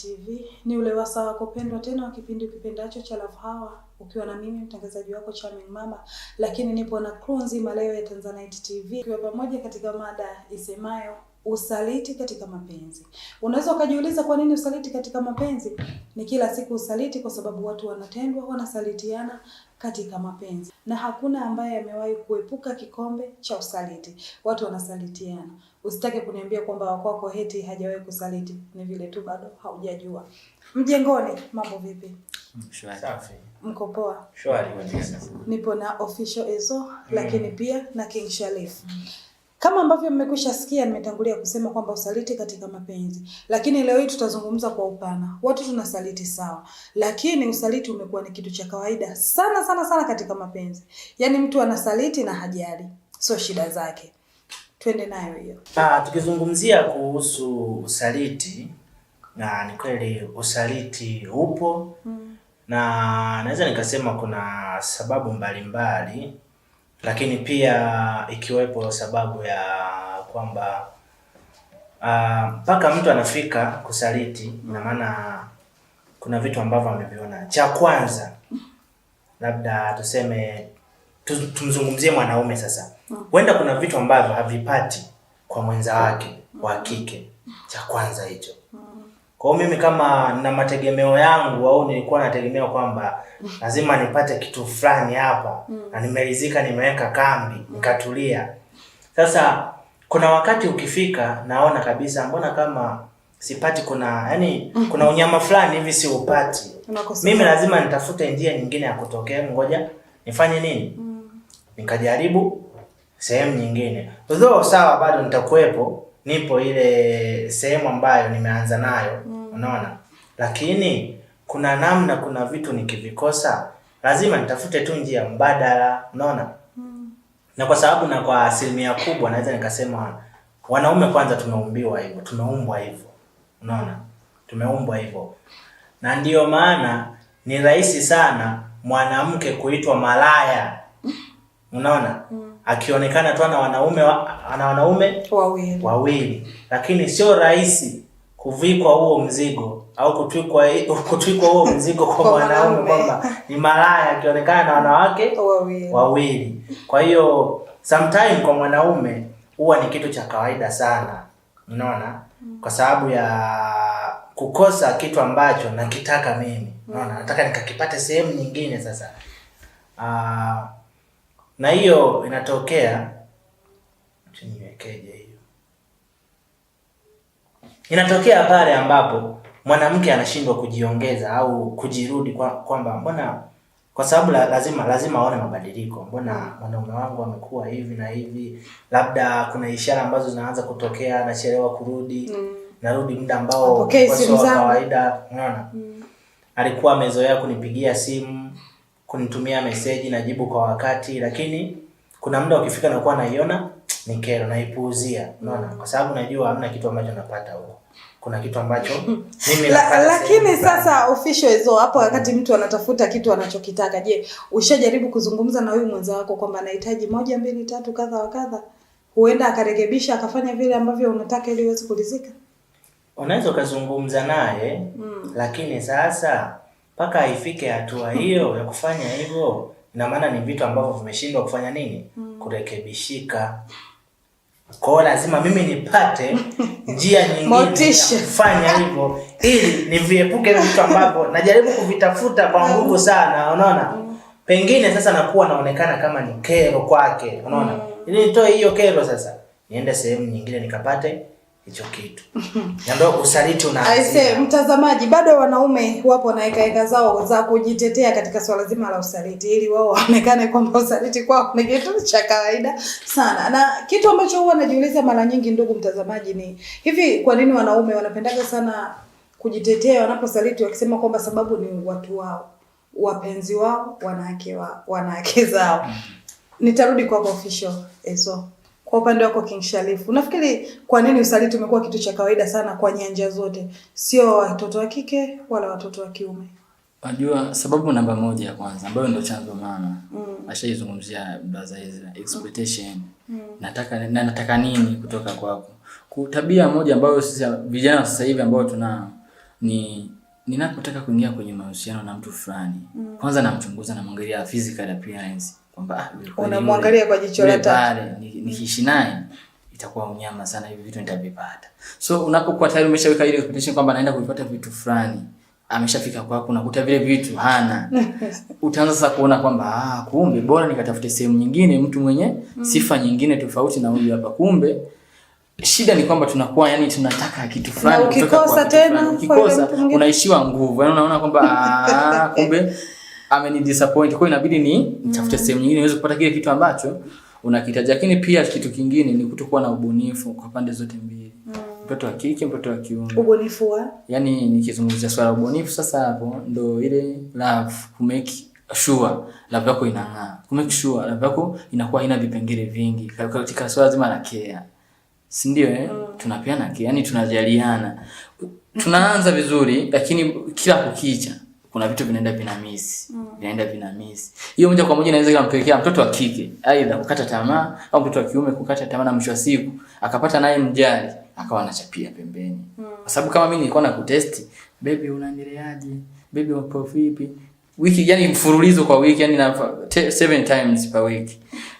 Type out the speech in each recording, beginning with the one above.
TV ni ule wasa wako pendwa tena wa kipindi kipendacho cha Love Hour, ukiwa na mimi mtangazaji wako Charming Mama, lakini nipo na crew nzima leo ya Tanzanite TV ukiwa pamoja katika mada isemayo usaliti katika mapenzi. Unaweza ukajiuliza kwa nini usaliti katika mapenzi? Ni kila siku usaliti, kwa sababu watu wanatendwa, wanasalitiana katika mapenzi, na hakuna ambaye amewahi kuepuka kikombe cha usaliti. Watu wanasalitiana, usitake kuniambia kwamba wakwako heti hajawahi kusaliti, ni vile tu bado haujajua. Mjengoni, mambo vipi? Mko poa? Nipo na official Ezo, lakini pia na King Sharif. Kama ambavyo mmekwisha sikia, nimetangulia kusema kwamba usaliti katika mapenzi, lakini leo hii tutazungumza kwa upana. Watu tunasaliti sawa, lakini usaliti umekuwa ni kitu cha kawaida sana sana sana katika mapenzi, yaani mtu anasaliti na hajali, sio shida zake. Twende nayo hiyo. Ah, tukizungumzia kuhusu usaliti, na ni kweli usaliti upo hmm. na naweza nikasema kuna sababu mbalimbali mbali lakini pia ikiwepo sababu ya kwamba ah, mpaka uh, mtu anafika kusaliti, ina maana kuna vitu ambavyo ameviona. Cha kwanza labda tuseme tumzungumzie mwanaume sasa, huenda kuna vitu ambavyo havipati kwa mwenza wake wa kike. Cha kwanza hicho kwa mimi kama na mategemeo yangu au nilikuwa nategemea kwamba lazima nipate kitu fulani hapa mm. na nimeridhika, nimeweka kambi nikatulia. Sasa kuna wakati ukifika, naona kabisa mbona kama sipati kuna yani kuna unyama fulani hivi siupati. Mimi lazima nitafute njia nyingine ya kutokea, ngoja nifanye nini? mm. Nikajaribu sehemu nyingine, though sawa, bado nitakuwepo nipo ile sehemu ambayo nimeanza nayo mm. Unaona, lakini kuna namna, kuna vitu nikivikosa lazima nitafute tu njia mbadala, unaona mm. na kwa sababu na kwa asilimia kubwa naweza nikasema wanaume kwanza tumeumbiwa hivyo, tumeumbwa hivyo, unaona, tumeumbwa hivyo, na ndiyo maana ni rahisi sana mwanamke kuitwa malaya, unaona mm akionekana tu ana wanaume ana wanaume wawili wawili, lakini sio rahisi kuvikwa huo mzigo au kutwikwa kutwikwa huo mzigo kwa mwanaume kwamba ni malaya akionekana na wanawake wawili wawili. Kwa hiyo sometime kwa mwanaume huwa ni kitu cha kawaida sana, unaona, mm. kwa sababu ya kukosa kitu ambacho nakitaka mimi, mm. unaona, nataka nikakipate sehemu nyingine. Sasa uh, na hiyo inatokea niwekeje hiyo, inatokea pale ambapo mwanamke anashindwa kujiongeza au kujirudi, kwa kwamba mbona, kwa sababu la, lazima lazima aone mabadiliko, mbona mwanaume wangu amekuwa hivi na hivi, labda kuna ishara ambazo zinaanza kutokea, nachelewa kurudi mm. narudi muda ambao okay, kawaida, unaona mm. alikuwa amezoea kunipigia simu kunitumia meseji najibu kwa wakati, lakini kuna muda ukifika nakuwa naiona ni kero, naipuuzia. Unaona, kwa sababu najua hamna kitu ambacho napata huko kuna kitu ambacho mimi la, lakini sasa official hizo hapo, wakati mm. mtu anatafuta kitu anachokitaka. Je, ushajaribu kuzungumza na huyu mwenza wako kwamba anahitaji moja mbili tatu kadha wa kadha, huenda akarekebisha akafanya vile ambavyo unataka ili uweze kulizika? Unaweza ukazungumza naye mm, lakini sasa mpaka ifike hatua hiyo ya kufanya hivyo, ina maana ni vitu ambavyo vimeshindwa kufanya nini, mm. kurekebishika. Kwa hiyo lazima mimi nipate njia nyingine ya kufanya hivyo ili niviepuke vitu ambavyo najaribu kuvitafuta kwa nguvu sana, unaona pengine sasa nakuwa naonekana kama ni kero kwake, unaona, mm. ili nitoe hiyo kero sasa niende sehemu nyingine nikapate hicho kitu ndio usaliti una Mtazamaji, bado wanaume wapo na hekaheka zao za kujitetea katika swala zima la usaliti, ili wao waonekane kwamba usaliti kwao ni kitu cha kawaida sana. Na kitu ambacho huwa najiuliza mara nyingi, ndugu mtazamaji, ni hivi, kwa nini wanaume wanapendaga sana kujitetea wanaposaliti, wakisema kwamba sababu ni watu wao, wapenzi wao, wanawake wao, wanawake zao. Mm. Nitarudi kwako official Eso. Kwa upande wako King Shariff, unafikiri kwa nini usaliti umekuwa kitu cha kawaida sana kwa nyanja zote, sio watoto wa kike wala watoto wa kiume? Najua sababu namba moja ya kwanza ambayo ndio chanzo mama mm. ashaizungumzia brother Ezra expectation mm. nataka na, nataka nini kutoka kwako. Kwa tabia moja ambayo sisi vijana sasa hivi ambao tuna ni ninapotaka kuingia kwenye mahusiano na mtu fulani mm. kwanza namchunguza, mwangalia physical appearance unamwangalia kwa jicho la tatu, nikiishi naye itakuwa unyama sana, hivi vitu nitavipata. So unapokuwa tayari umeshaweka ile expectation kwamba naenda kuipata vitu fulani, ameshafika kwako, unakuta vile vitu hana, utaanza sasa kuona kwamba ah, kumbe bora nikatafute sehemu nyingine, mtu mwenye mm. sifa nyingine tofauti na huyu hapa. Kumbe shida ni kwamba tunakuwa yani tunataka kitu fulani kutoka kwa, ukikosa tena, ukikosa unaishiwa nguvu, yani unaona kwamba ah, kumbe ameni disappoint, kwa inabidi ni nitafute mm. sehemu nyingine niweze kupata kile kitu ambacho unakitaja. Lakini pia kitu kingine ni kutokuwa na ubunifu kwa pande zote mbili, mm. mtoto wa kike, mtoto wa kiume. Ubunifu wa yani, nikizungumzia swala ubunifu sasa, hapo ndo ile love to make sure love yako inang'aa, to make sure love yako inakuwa ina vipengele vingi katika swala zima la care, si ndio? Eh, mm. tunapeana care, yani tunajaliana, tunaanza vizuri, lakini kila kukicha kuna vitu vinaenda vinamisi mm. vinaenda vinamisi. Hiyo moja kwa moja inaweza ikampelekea mtoto wa kike aidha kukata tamaa mm. au mtoto wa kiume kukata tamaa, na mwisho wa siku akapata naye mjali akawa anachapia pembeni mm. kwa sababu kama mimi nilikuwa na kutest baby, unaendeleaje baby, wapo vipi wiki, yani mfululizo kwa wiki, yani na 7 times per week.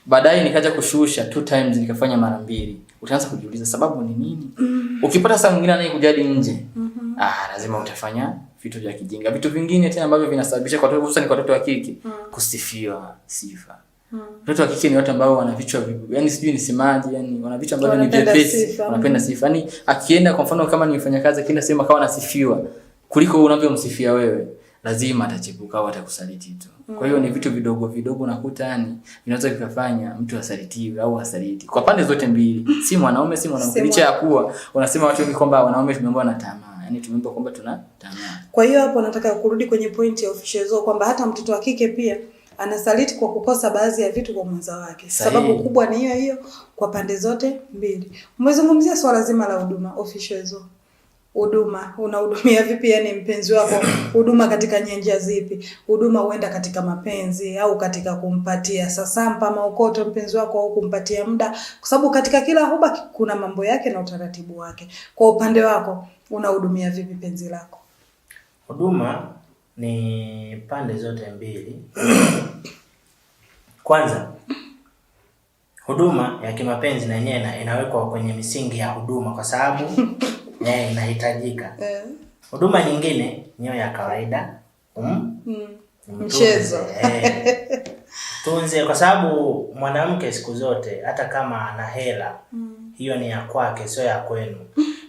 Baadaye nikaja kushusha 2 times, nikafanya mara mbili. Utaanza kujiuliza sababu ni nini? mm. ukipata saa mwingine anayekujali nje mm -hmm. ah, lazima utafanya vitu vya kijinga, vitu vingine tena ambavyo vinasababisha kwa watoto, hususan kwa watoto wa kike mm. kusifiwa sifa mm. Watoto wa kike ni watu ambao wana vichwa yani, sijui ni simaji yani wana vichwa ambavyo ni vyepesi, wanapenda sifa. Yani akienda kwa mfano, kama ni mfanyakazi, akienda sehemu akawa anasifiwa kuliko unavyomsifia wewe, lazima atachepuka au atakusaliti tu. Kwa hiyo ni mm. vitu vidogo vidogo nakuta, yani vinaweza vikafanya mtu asalitiwe au asaliti kwa pande zote mbili, si mwanaume si mwanamke, licha ya kuwa unasema watu wengi kwamba wanaume tumeambiwa na tamaa yani tumempa kwamba tuna tamaa. Kwa hiyo hapo nataka kurudi kwenye pointi ya official kwamba hata mtoto wa kike pia anasaliti kwa kukosa baadhi ya vitu kwa mwenza wake. Sababu kubwa ni hiyo hiyo kwa pande zote mbili. Umezungumzia swala zima la huduma official huduma unahudumia vipi? Yani mpenzi wako huduma katika nyanja zipi? Huduma huenda katika mapenzi au katika kumpatia sasampa maokoto mpenzi wako au kumpatia muda, kwa sababu katika kila huba kuna mambo yake na utaratibu wake. Kwa upande wako unahudumia vipi penzi lako? Huduma ni pande zote mbili. Kwanza huduma ya kimapenzi na yenyewe inawekwa kwenye misingi ya huduma kwa sababu eh, inahitajika. Huduma yeah. nyingine niyo ya kawaida mm? Mm. Mchezo eh, tunze kwa sababu mwanamke siku zote hata kama ana hela mm. hiyo ni ya kwake, sio ya kwenu.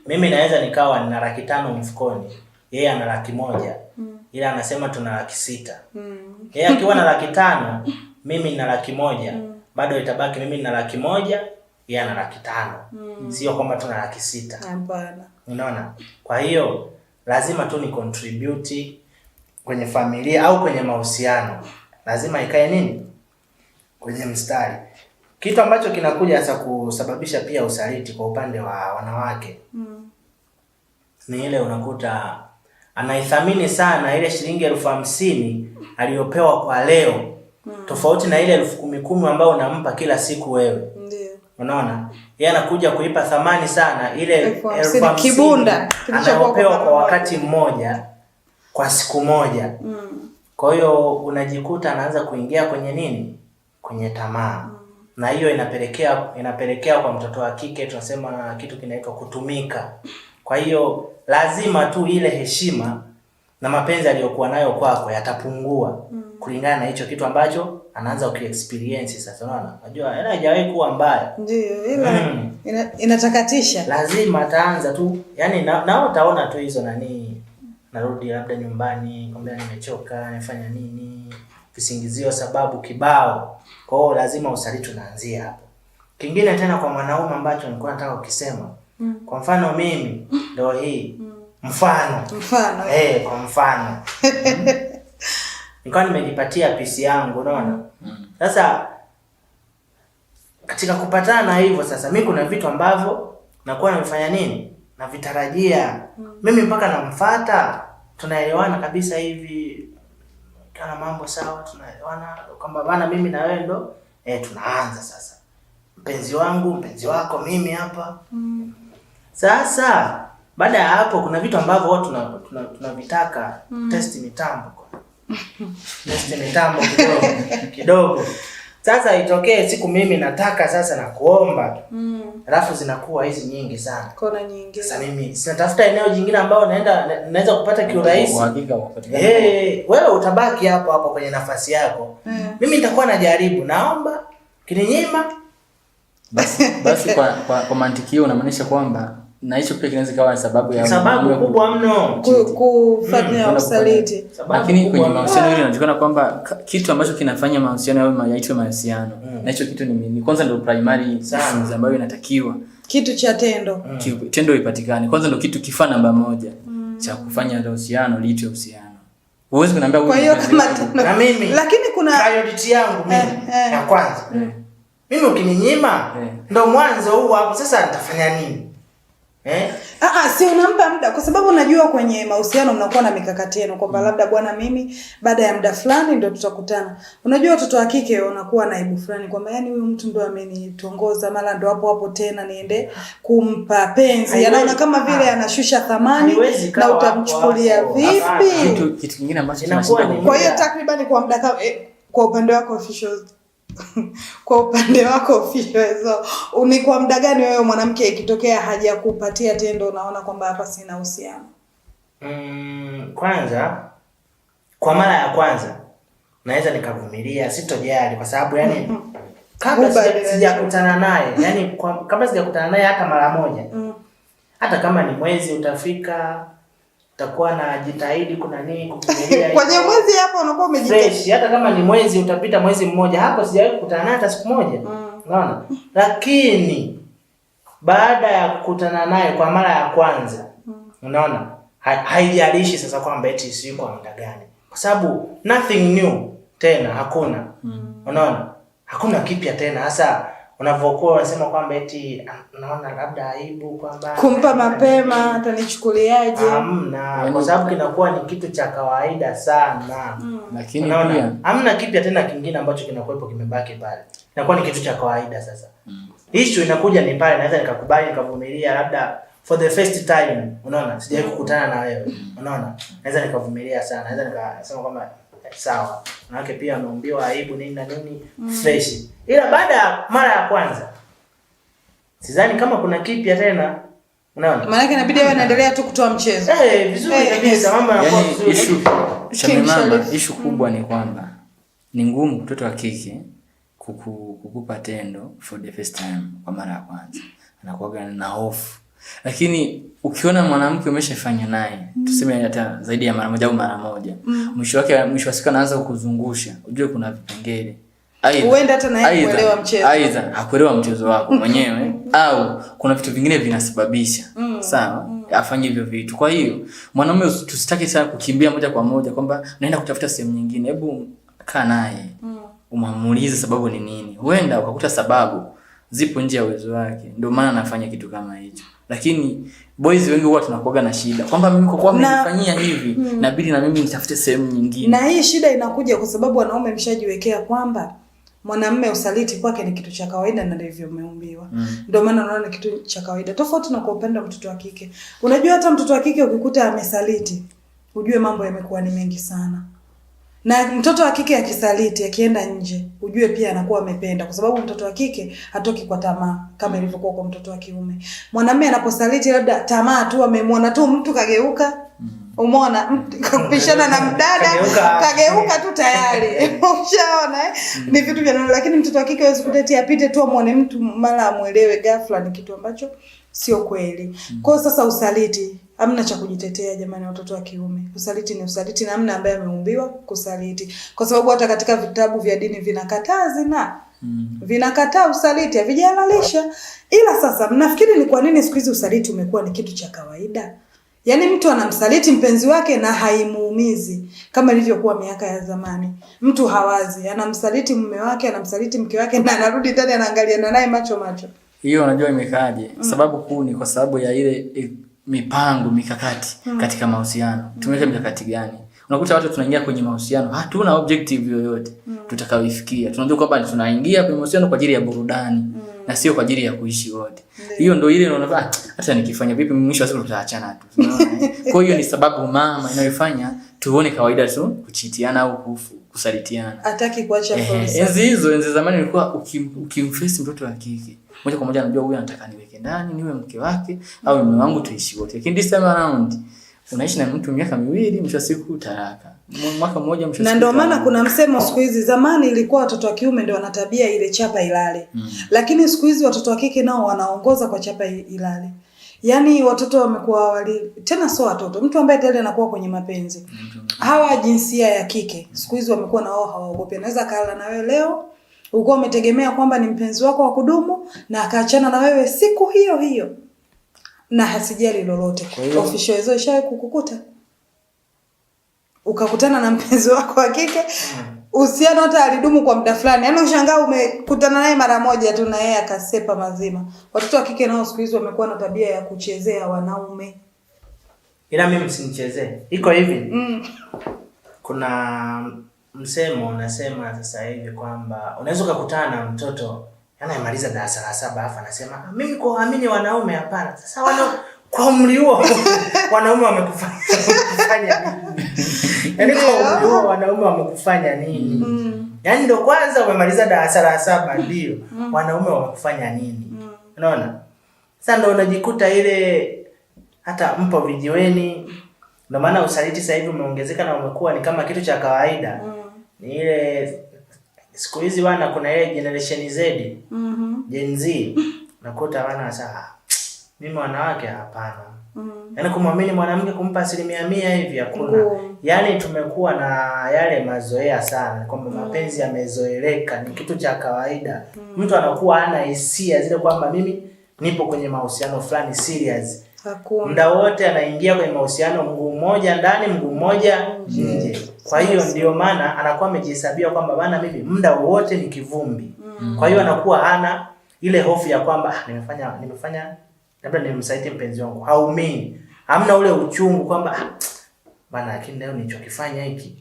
Mimi naweza nikawa nina laki tano mfukoni, yeye ana laki moja mm. ila anasema tuna laki sita mm. yeye akiwa na laki tano mimi nina laki moja mm. bado itabaki mimi nina laki moja yeye ana laki tano mm. Sio kwamba tuna laki sita. Hapana, unaona. Kwa hiyo lazima tu ni contribute kwenye familia au kwenye mahusiano, lazima ikae nini kwenye mstari, kitu ambacho kinakuja sasa kusababisha pia usaliti kwa upande wa wanawake mm. ni ile unakuta anaithamini sana ile shilingi elfu hamsini aliyopewa kwa leo mm. tofauti na ile elfu kumi kumi ambayo unampa kila siku wewe. Ndi. Unaona, yeye anakuja kuipa thamani sana ile elfu hamsini kibunda anaopewa kwa wakati mmoja kwa siku moja mm. Kwa hiyo unajikuta anaanza kuingia kwenye nini, kwenye tamaa mm. Na hiyo inapelekea inapelekea kwa mtoto wa kike tunasema kitu kinaitwa kutumika. Kwa hiyo lazima tu ile heshima na mapenzi aliyokuwa nayo kwako yatapungua mm. kulingana na hicho kitu ambacho anaanza ku experience sasa, unaona, unajua yana hajawahi kuwa mbaya, ndio ila mm. ina, inatakatisha, lazima ataanza tu yani, nao na utaona tu hizo nani, narudi labda nyumbani kwambia nimechoka, nifanya nini, visingizio sababu kibao. Kwa hiyo lazima usali, tunaanzia hapo. Kingine tena kwa mwanaume ambacho nilikuwa nataka ukisema mm. kwa mfano mimi hmm. ndio hii mm. mfano mfano eh, kwa mfano nikawa nimejipatia PC yangu, unaona mm. sasa. Katika kupatana na hivyo sasa, mi kuna vitu ambavyo nakuwa namfanya nini navitarajia mm. mimi, mpaka namfata, tunaelewana kabisa hivi, kana mambo sawa, tunaelewana kwamba bana, mimi na wewe ndo eh, tunaanza sasa, mpenzi wangu, mpenzi wako, mimi hapa mm. Sasa baada ya hapo, kuna vitu ambavyo tunavitaka tuna, tuna, tuna mm. testi mitambo mitambo kidogo kidogo. Sasa itokee siku mimi nataka sasa na mm. alafu mm. zinakuwa hizi nyingi sana, kona nyingi. Sasa mimi sinatafuta eneo jingine ambao naenda naweza kupata kiurahisi. Hey, wewe utabaki hapo hapo kwenye nafasi yako mm. mimi nitakuwa najaribu, naomba kininyima basi, basi kwa, kwa, kwa mantiki hiyo unamaanisha kwamba na hicho pia kinaweza kawa sababu ya sababu kubwa mno hmm. kufanya usaliti. Lakini kwenye mahusiano yale inaonekana kwamba kitu ambacho kinafanya mahusiano yawe yaitwe mahusiano mm. na hicho kitu ni, ni kwanza ndio primary essence ambayo inatakiwa kitu cha tendo mm. tendo ipatikane kwanza, ndio kitu kifaa namba moja mm. cha kufanya mahusiano liitwe uhusiano. Huwezi kuniambia Kwa hiyo kama na mimi, lakini kuna priority yangu mimi eh, eh. ya kwanza eh. mimi, ukininyima ndio mwanzo huu hapo, sasa nitafanya nini? Eh? Ah, ah, si unampa muda kwa sababu unajua kwenye mahusiano mnakuwa na mikakati yenu kwamba mm. labda bwana, mimi baada ya muda fulani ndio tutakutana. Unajua watoto wa kike wanakuwa na aibu fulani kwamba yani huyu mtu ndo amenitongoza, mara ndo hapo hapo tena niende kumpa penzi. Anaona kama vile ah. anashusha thamani na utamchukulia vipi? Kitu kingine ambacho. Kwa hiyo takriban kwa muda, eh, kwa upande wako officials Kwa upande wako Fisho, ni kwa muda gani wewe mwanamke ikitokea haja kupatia tendo unaona kwamba hapa sina uhusiano? Mm, kwanza kwa mara ya kwanza naweza nikavumilia, sitojali kwa sababu yani kabla sijakutana naye yani kwa, kabla sijakutana naye hata mara moja mm. hata kama ni mwezi utafika utakuwa na jitahidi kuna nini kuvumilia kwenye mwezi hapo, unakuwa umejitahidi. Hata kama ni mwezi utapita mwezi mmoja hapo, sijawahi kukutana naye hata siku moja, mm. unaona mm. Lakini baada ya kukutana naye kwa mara ya kwanza mm. unaona haijalishi sasa kwamba eti si kwa muda gani, kwa sababu nothing new tena hakuna mm. unaona hakuna kipya tena hasa unavyokuwa unasema kwamba eti ah, naona labda aibu kwamba kumpa mapema atanichukuliaje? Hamna, kwa yaani sababu kinakuwa ni kitu cha kawaida sana mm. Lakini pia hamna kipya tena kingine ambacho kinakuwepo kimebaki pale, inakuwa ni kitu cha kawaida sasa mm. Issue inakuja ni pale, naweza nikakubali nikavumilia, labda for the first time, unaona, sijawahi kukutana na wewe, mm. unaona, naweza nikavumilia sana, naweza nikasema kwamba sawa, wanawake pia wameumbiwa aibu nini na nini mm. fresh, ila baada ya mara ya kwanza sidhani kama kuna kipya tena. Unaona, maana yake inabidi awe anaendelea tu kutoa mchezo eh, vizuri eh, kabisa, mambo yanakuwa yaani, vizuri. Issue cha mama, issue kubwa ni kwamba ni ngumu mtoto wa kike kuku, kukupa tendo for the first time kwa mara ya kwanza, anakuwa na hofu lakini ukiona mwanamke umeshafanya naye mm. tuseme hata zaidi ya mara moja au mara moja mm. mwisho wake, mwisho wa siku anaanza kukuzungusha, ujue kuna vipengele huenda hata naye kuelewa mchezo, aidha hakuelewa mchezo wako mm. mwenyewe au kuna vitu vingine vinasababisha mm. sawa mm. afanye hivyo vitu. Kwa hiyo mwanaume, tusitake sana kukimbia moja kwa moja kwamba naenda kutafuta sehemu nyingine. Hebu kaa naye mm. umamulize sababu ni nini, huenda ukakuta sababu zipo nje ya uwezo wake, ndio maana anafanya kitu kama hicho lakini boys wengi huwa tunakuaga na shida kwamba mimi kwa kuwa mmenifanyia hivi mm, nabidi na mimi nitafute sehemu nyingine, na hii shida inakuja kwa sababu wanaume mshajiwekea kwamba mwanamume usaliti kwake ni kitu cha kawaida na ndivyo umeumbiwa. Hmm. Ndio mm, maana unaona kitu cha kawaida, tofauti na kwa upande wa mtoto wa kike. Unajua hata mtoto wa kike ukikuta amesaliti, ujue mambo yamekuwa ni mengi sana na mtoto wa kike akisaliti akienda nje, ujue pia anakuwa amependa, kwa sababu mtoto wa kike hatoki kwa tamaa kama ilivyokuwa kwa mtoto wa kiume. Mwanamume anaposaliti labda tamaa tu, amemwona tu mtu kageuka, mm-hmm. umona kupishana na mdada kageuka tu tayari, mm-hmm. ushaona eh? Ni vitu vya lakini mtoto wa kike hawezi kudeti, apite tu amwone mtu mara amwelewe ghafla, ni kitu ambacho sio kweli. Mm-hmm. Kwa sasa usaliti Hamna cha kujitetea jamani, watoto wa kiume. Usaliti ni usaliti, na hamna ambaye ameumbiwa kusaliti, kwa sababu hata katika vitabu vya dini vinakataa zina mm. hmm vinakataa usaliti, havijahalalisha. Ila sasa mnafikiri ni kwa nini siku hizi usaliti umekuwa ni kitu cha kawaida? Yaani mtu anamsaliti mpenzi wake na haimuumizi kama ilivyokuwa miaka ya zamani. Mtu hawazi, anamsaliti mume wake, anamsaliti mke wake, na anarudi tena anaangaliana naye macho macho. Hiyo unajua imekaaje? Mm. hmm Sababu kuu ni kwa sababu ya ile mipango mikakati mm. katika mahusiano mm. tumeweka mikakati gani? Unakuta watu tunaingia kwenye mahusiano hatuna objective yoyote mm. tutakaoifikia Tunajua kwamba tunaingia kwenye mahusiano kwa ajili ya burudani mm. na sio kwa ajili ya kuishi wote. Hiyo ndio ile unaona, ah, hata nikifanya vipi, mwisho wa siku tutaachana tu. Kwa hiyo ni sababu mama inayofanya tuone kawaida tu kuchitiana au kusalitiana. Hataki kuacha fursa. Enzi hizo, enzi zamani ilikuwa ukimfesi mtoto wa kike moja kwa moja anajua huyu anataka niweke ndani niwe mke wake au mume wangu tuishi wote. Lakini this time around unaishi na mtu miaka miwili, mwisho siku taraka. Mwaka mmoja mwisho Na ndio maana kuna msemo siku hizi, zamani ilikuwa watoto wa kiume ndio wanatabia ile chapa ilale. Mm. Lakini siku hizi watoto wa kike nao wanaongoza kwa chapa ilale. Yaani watoto wamekuwa wali tena, sio watoto, mtu ambaye tayari anakuwa kwenye mapenzi. Hawa jinsia ya kike siku hizi wamekuwa na wao hawaogopi, anaweza kala na wewe leo ukuwa umetegemea kwamba ni mpenzi wako wa kudumu, na akaachana na wewe siku hiyo hiyo na hasijali lolote. Ofisho hizo ishawe kukukuta ukakutana na mpenzi wako wa kike mm uhusiano hata alidumu kwa muda fulani, yaani ushangaa umekutana naye mara moja tu na yeye akasepa mazima. Watoto wa kike nao siku hizi wamekuwa na tabia ya kuchezea wanaume, ila mimi msinichezee. Iko hivi mm. kuna msemo unasema sasa hivi kwamba unaweza ukakutana na mtoto anayemaliza darasa la saba afa anasema mimi kuamini wanaume hapana. Sasa wana kwa umri huo wanaume wamekufanya yani, kwa umri huo wanaume wamekufanya nini? Mm. Yani ndo kwanza umemaliza darasa la saba, mm. ndio mm. wanaume wamekufanya nini? Unaona, sasa ndo unajikuta ile, hata mpo vijiweni, ndo maana usaliti sasa hivi umeongezeka na umekuwa ni kama kitu cha kawaida ni ile siku hizi wana kuna ile generation Z mhm. Gen Z nakuta wana sasa mimi wanawake hapana. Mm. Yaani kumwamini mwanamke kumpa asilimia mia hivi hakuna. Mm. Yaani tumekuwa na yale mazoea sana kwamba mm. mapenzi yamezoeleka ni kitu cha kawaida. Mm. Mtu anakuwa ana hisia zile kwamba mimi nipo kwenye mahusiano fulani serious. Hakuna. Muda wote anaingia kwenye mahusiano mguu mmoja ndani, mguu mmoja mm. nje. Kwa hiyo ndio maana anakuwa amejihesabia kwamba bana mimi muda wote ni kivumbi. Mm. Kwa hiyo anakuwa hana ile hofu ya kwamba ah, nimefanya nimefanya labda nimsaidie mpenzi wangu, haumii, hamna ule uchungu kwamba ah, bana, lakini leo nilichokifanya hiki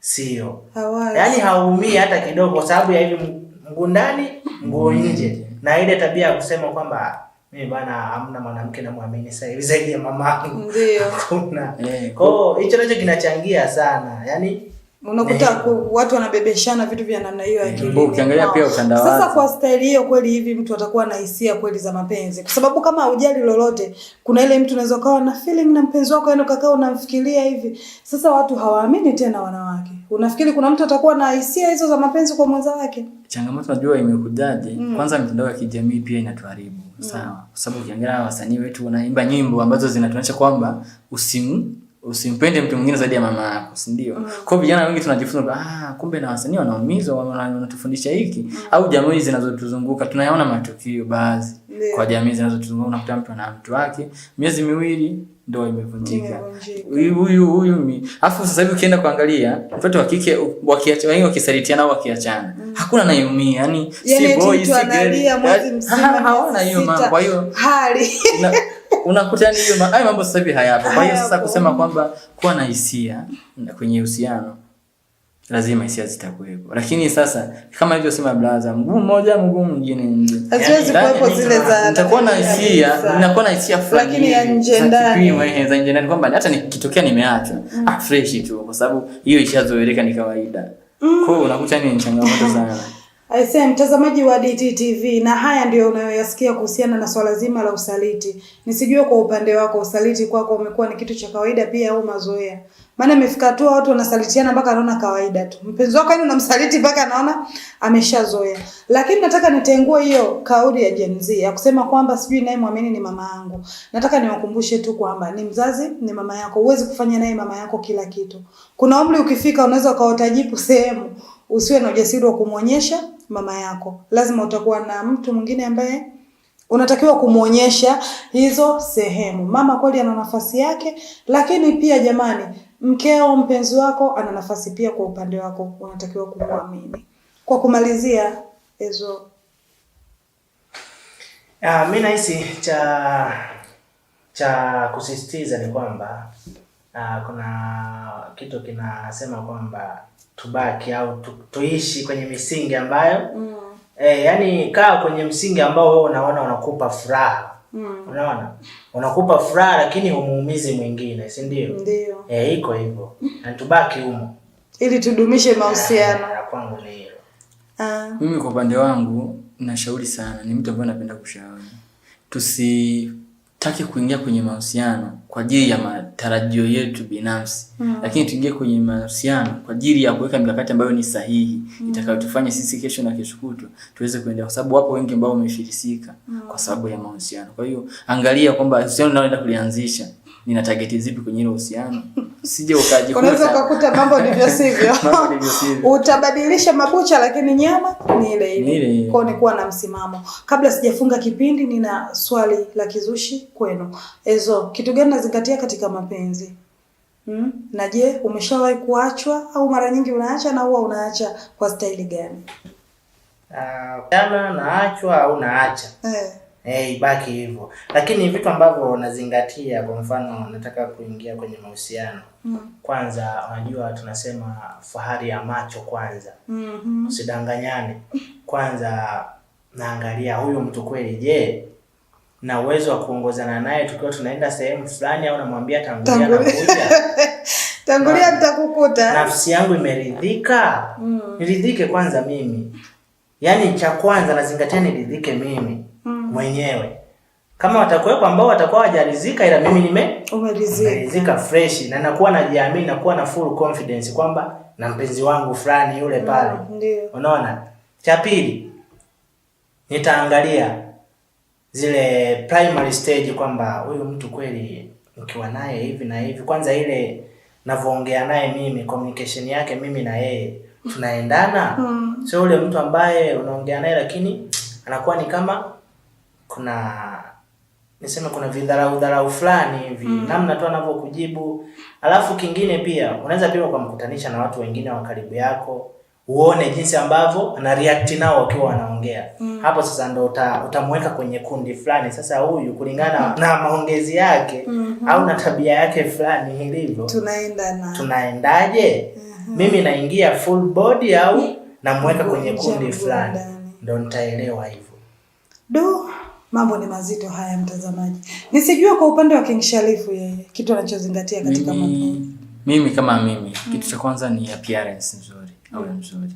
sio yani yaani haumii hata kidogo, kwa sababu ya hivi mguu ndani mguu mm. nje, na ile tabia ya kusema kwamba ah, mimi bana, hamna mwanamke namwamini sasa hivi zaidi ya mamangu, ndio kuna eh, kwao, hicho nacho kinachangia sana yaani unakuta eh. watu wanabebeshana vitu vya namna hiyo ya eh. Sasa kwa staili hiyo kweli hivi mtu atakuwa na hisia kweli za mapenzi. Kwa sababu kama hujali lolote, kuna ile mtu unaweza kawa na feeling na mpenzi wako yani ukakaa unamfikiria hivi. Sasa watu hawaamini tena wanawake. Unafikiri kuna mtu atakuwa na hisia hizo za mapenzi kwa mwenza wake? Changamoto najua imekujaje? Mm. Kwanza mitandao ya kijamii pia inatuharibu. Mm. Sawa. Kwa sababu ukiangalia wasanii wetu wanaimba nyimbo ambazo zinatuonyesha kwamba usimu usimpende mtu mwingine zaidi ya mama yako, si ndio? Mm. Kwa hiyo vijana wengi tunajifunza, ah, kumbe na wasanii wanaumizwa, wanatufundisha hiki mm. au jamii zinazotuzunguka tunayaona matukio baadhi yeah. Kwa jamii zinazotuzunguka unakuta mtu ana mtu wake miezi miwili ndoa imevunjika, huyu huyu. Alafu sasa hivi ukienda kuangalia mtoto wa kike wakiacha, wengi wakisalitiana au wakiachana, mm. hakuna anayeumia, yani si yaani boy si girl, hawana hiyo mambo. Kwa hiyo hali unakutana hiyo hayo mambo sasa hivi hayapo. Kwa hiyo sasa kusema kwamba kuwa na hisia kwenye uhusiano lazima hisia zitakuwepo, lakini sasa kama ilivyosema brother, mguu mmoja mguu mwingine nje, haziwezi kuwepo zile za nitakuwa na hisia, ninakuwa na hisia fulani, lakini ya nje ndani, eh, za nje ndani, kwamba hata nikitokea nimeacha mm. ah, fresh tu, kwa sababu hiyo ishazoeleka, ni kawaida. Mm. Kwa hiyo unakuta ni changamoto sana Aisee mtazamaji wa DTTV na haya ndiyo unayoyasikia kuhusiana na swala zima la usaliti. Nisijue kwa upande wako usaliti kwako umekuwa ni kitu cha kawaida pia au mazoea. Maana imefika hatua watu wanasalitiana mpaka anaona kawaida tu. Mpenzi wako yani unamsaliti mpaka anaona ameshazoea. Lakini nataka nitengue hiyo kauli ya Gen Z ya kusema kwamba sijui naye muamini ni mama yangu. Nataka niwakumbushe tu kwamba ni mzazi ni mama yako. Huwezi kufanya naye mama yako kila kitu. Kuna umri ukifika unaweza ukaota jipu sehemu usiwe na ujasiri wa kumwonyesha mama yako, lazima utakuwa na mtu mwingine ambaye unatakiwa kumwonyesha hizo sehemu. Mama kweli ana nafasi yake, lakini pia jamani, mkeo, mpenzi wako ana nafasi pia kwa upande wako, unatakiwa kumwamini. Kwa kumalizia hizo Uh, ah, mi nahisi cha cha kusisitiza ni kwamba uh, kuna kitu kinasema kwamba tubaki au tu, tuishi kwenye misingi ambayo mm. eh, yani kaa kwenye msingi ambao wewe unaona unakupa furaha mm. unaona unakupa furaha lakini humuumizi mwingine, si ndio? eh, iko hivyo na tubaki humo ili tudumishe ah, mahusiano. Kwangu ni hilo. Ah. Mimi kwa upande wangu nashauri sana, ni mtu ambaye napenda kushauri tusi tutake kuingia kwenye mahusiano kwa ajili ya matarajio yetu binafsi mm. Lakini tuingie kwenye mahusiano kwa ajili ya kuweka mikakati ambayo ni sahihi mm. itakayotufanya sisi kesho na kesho kutwa tuweze kuendelea, kwa sababu wapo wengi ambao wamefilisika mm. kwa sababu ya mahusiano. Kwa hiyo angalia kwamba mahusiano unayoenda kulianzisha nina targeti zipi kwenye ile uhusiano, usije ukajikuta ukakuta mambo ndivyo sivyo. Utabadilisha makucha, lakini nyama ni ile ile. Kwao ni kuwa na msimamo. Kabla sijafunga kipindi, nina swali la kizushi kwenu. Ezo, kitu gani nazingatia katika mapenzi? Hmm? Na je, umeshawahi kuachwa au mara nyingi unaacha na huwa unaacha kwa staili gani? Ah, uh, naachwa au naacha eh eh, ibaki hivyo, lakini vitu ambavyo nazingatia, kwa mfano nataka kuingia kwenye mahusiano mm. Kwanza unajua tunasema fahari ya macho kwanza, mm -hmm. Kwanza naangalia huyu mtu kweli, je, na uwezo wa kuongozana naye tukiwa tunaenda sehemu fulani, au namwambia tangulia na kuja tangulia, nitakukuta nafsi yangu imeridhika mm. Niridhike kwanza mimi, yaani cha kwanza nazingatia niridhike mimi mm. mwenyewe kama watakuwepo ambao watakuwa wajarizika ila mimi nime nimeridhika fresh na nakuwa najiamini, nakuwa na full confidence kwamba na mpenzi wangu fulani yule pale. mm, Unaona, cha pili nitaangalia zile primary stage kwamba huyu mtu kweli ukiwa naye hivi na hivi, kwanza ile navyoongea naye mimi, communication yake mimi na yeye tunaendana, mm. sio yule mtu ambaye unaongea naye lakini anakuwa ni kama kuna niseme kuna vidharau dharau fulani hivi mm. namna tu anavyokujibu. Alafu kingine pia unaweza pia ukamkutanisha na watu wengine wa karibu yako, uone jinsi ambavyo ana react nao wakiwa wanaongea mm. hapo sasa ndo uta, utamweka kwenye kundi fulani. Sasa huyu kulingana mm. na maongezi yake mm -hmm. au na tabia yake fulani ilivyo, tunaenda na tunaendaje? mm -hmm. mimi naingia full body au hmm. namweka kwenye kundi fulani, ndo nitaelewa hivyo do Mambo ni mazito haya, mtazamaji. Nisijue kwa upande wa King Sharifu, yeye kitu anachozingatia katika mambo. Mimi kama mm. mimi, kitu cha mm. kwanza ni appearance nzuri, mm. mzuri.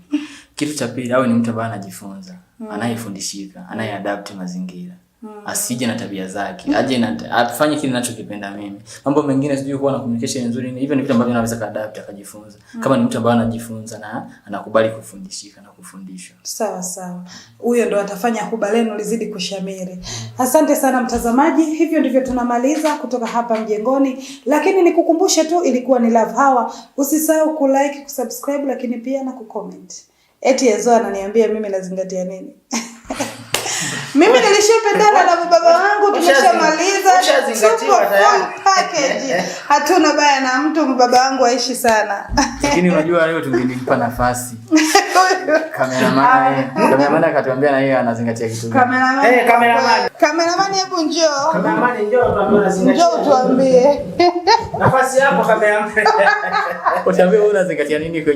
Kitu cha pili au ni mtu ambaye anajifunza, mm. anayefundishika, anayeadapt mazingira mm. asije na tabia zake, aje na afanye kile ninachokipenda mimi. Mambo mengine sijui kuwa na communication nzuri, hivyo ni vitu ambavyo anaweza kaadapt akajifunza, mm. kama ni mtu ambaye anajifunza na anakubali kufundishika na kufundishwa. Sawa sawa, huyo ndo atafanya huba lenu lizidi kushamiri. Asante sana mtazamaji, hivyo ndivyo tunamaliza kutoka hapa mjengoni, lakini nikukumbushe tu, ilikuwa ni Love Hour. Usisahau kulike, kusubscribe, lakini pia na kucomment. Eti Ezo ananiambia mimi nazingatia nini? Mimi nilishapendana na baba wangu, tumeshamaliza package, hatuna baya na mtu. Baba wangu aishi sana, lakini unajua leo tungelimpa nafasi Kameramani, kameramani ah. akatuambia na yeye anazingatia kitu. Kameramani, kameramani. Eh, kameramani hebu njoo. Kameramani njoo tuambie unazingatia. Njoo tuambie. Nafasi yako kameramani. Utaambia unazingatia nini kwenye